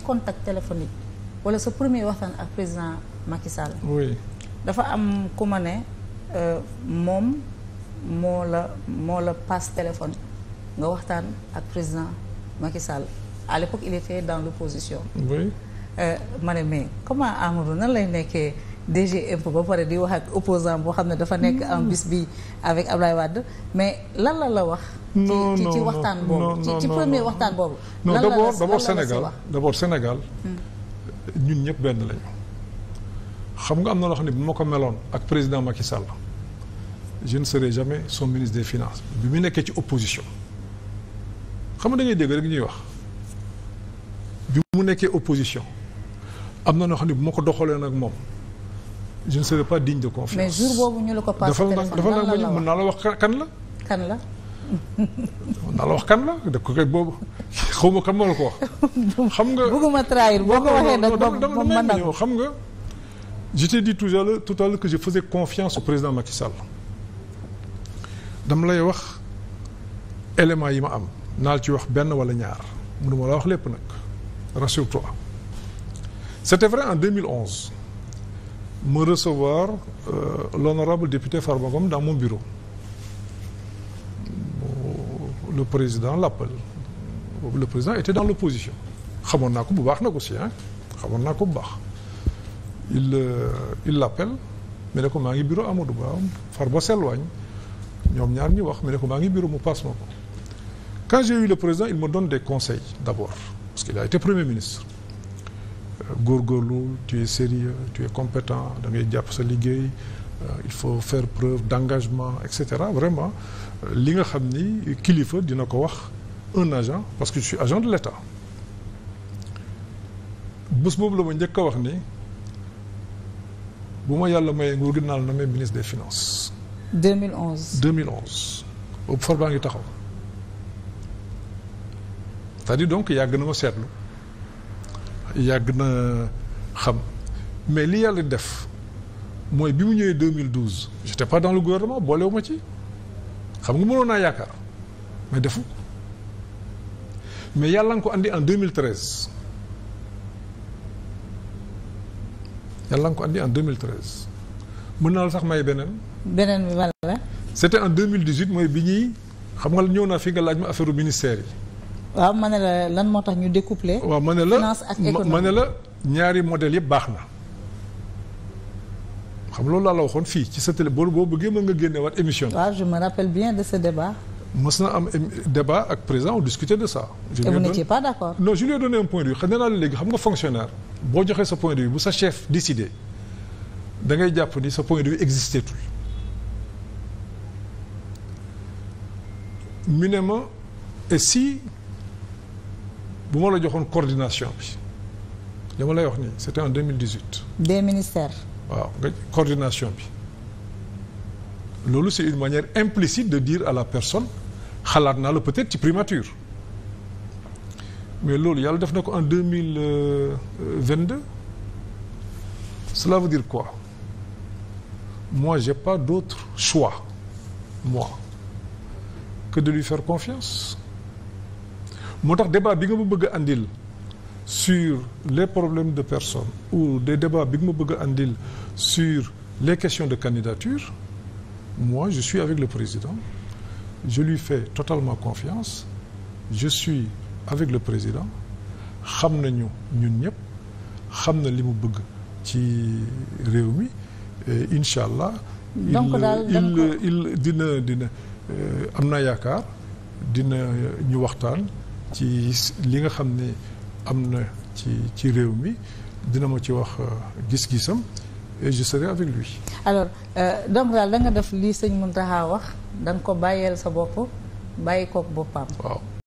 premier contact téléphonique wala sa premier waxtaan ak président Macky Sall. oui dafa am ku ma euh, moom moo la moo la passe téléphone nga waxtaan ak président Macky Sall à l'époque il était dans l'opposition oui euh, ma ne mais comment Amadou nan lay nekkee DG impôt ba pare di wax ak opposant boo xam ne dafa nekk en hmm. bis bi avec Ablaye Wade mais lan la la wax. non non ci ci waxtaan boobu ci ci premier waxtaan boobu. non d' abord d' abord Sénégal d' abord Sénégal. Hmm. ñun ñëpp benn lañu. xam nga am na loo xam ne bu ma ko meloon ak président Macky Sall je ne serai jamais son ministre des finances bi mu nekkee ci opposition. xam nga da ngay dégg rek ñuy wax bi mu nekkee opposition am na noo xam ne bu ma ko doxalee nag moom je ne serai pas digne de confiance. mais jour boobu ñu la ko passé téléphone dafa dafa mën naa la wax kan la. kan la. naa la wax kan la dëkk ko boobu xaw ma kan moo la ko wax. xam nga bëgguma trahir boo ko waxee nag moom mën na ko xam nga. je t'ai dit tout à l'heure tout à l'heure que je faisais confiance au président Macky Sall. lay wax élément yi ma am naal ci wax benn wala ñaar mënuma la wax lépp nag rassure-toi. c'était vrai en 2011 me recevoir euh, l'honorable député Farba Ngom dans mon bureau. le président l'appelle boobu le président était dans l'opposition xamoon naa ko bu baax nag aussi ah xamoon naa ko bu baax il euh, il l'appelle mu ne ko maa ngi bureau Amadou Ba far ba s'éloigne ñoom ñaar ñi wax mu ne ko maa ngi bureau mu passe ma ko quand j'ai eu le président il me donne des conseils d'abord parce qu'il a été premier ministre euh, góorgóorlu tu es sérieux tu es compétent da jàpp sa liggéey Euh, il faut faire preuve d'engagement et cetera vraiment euh, li nga xam ni kilifa dina ko wax un agent parce que je suis agent de l'État bés boobu la ma njëkk a wax ni bu ma yàlla mayee nguur gi naal na may ministre des finances. 2011 2011. boobu far baa ngi taxaw cest à donc yàgg na ma seetlu yàgg na xam mais li yàlla def. mooy bi mu ñëwee 2012 j' étais pas dans le gouvernement boolewu ma ci xam nga mënoon naa yaakaar may defu mais yàlla nga ko andi en 2013 yàlla nga ko andi en 2013 mën naa la sax may beneen. beneen bi wala la. c' était en 2018 mooy bi ñuy xam nga ñëw naa fi nga laaj ma affaire ministère yi. waaw ma ne la lan moo tax ñu découpler. waaw ma ne la finance ak économie ma ne la ñaari modèle yëpp baax na. xam loolu laa la waxoon fii ci sa télé boo boo bëggee mën nga génne waat émission bi. waaw rappelle bien de ce débat. mës na am débat ak président on discutait de ça. je et vous n'étiez pas d'accord. non je lui ai donné un point de vue xam naa la léegi xam nga fonctionnaire boo joxee sa point de vue bu sa chef décidé da ngay jàpp ni sa point de vue existé tul mu ne ma si bu ma la joxoon coordination bi li lay wax nii c'était en 2018. des ministères. waaw nga coordination bi loolu c'est une manière implicite de dire à la personne xalaat naa la peut-être ci primature mais loolu yàlla def na ko en deux mille vingt deux cela veut dire quoi moi j'ai pas d'autre choix moi que de lui faire confiance moo tax débat bi nga ma bëgg a andil sur les problèmes de personnes ou des débats bi ma bëgg a andil sur les questions de candidature moi je suis avec le président je lui fais totalement confiance je suis avec le président xam nañu ñun ñëpp xam na li mu bëgg ci réew mi incha allah. donc daal dina dina euh, am na yaakaar dina ñu waxtaan ci li nga xam ni am na ci ci réew mi dina ma ci wax euh, gis-gisam et je serai avec lui. alors euh, Dame Tall da nga def lii sëñ Mountakha wax da nga ko bàyyeel sa bopp bàyyi kook boppam. waaw.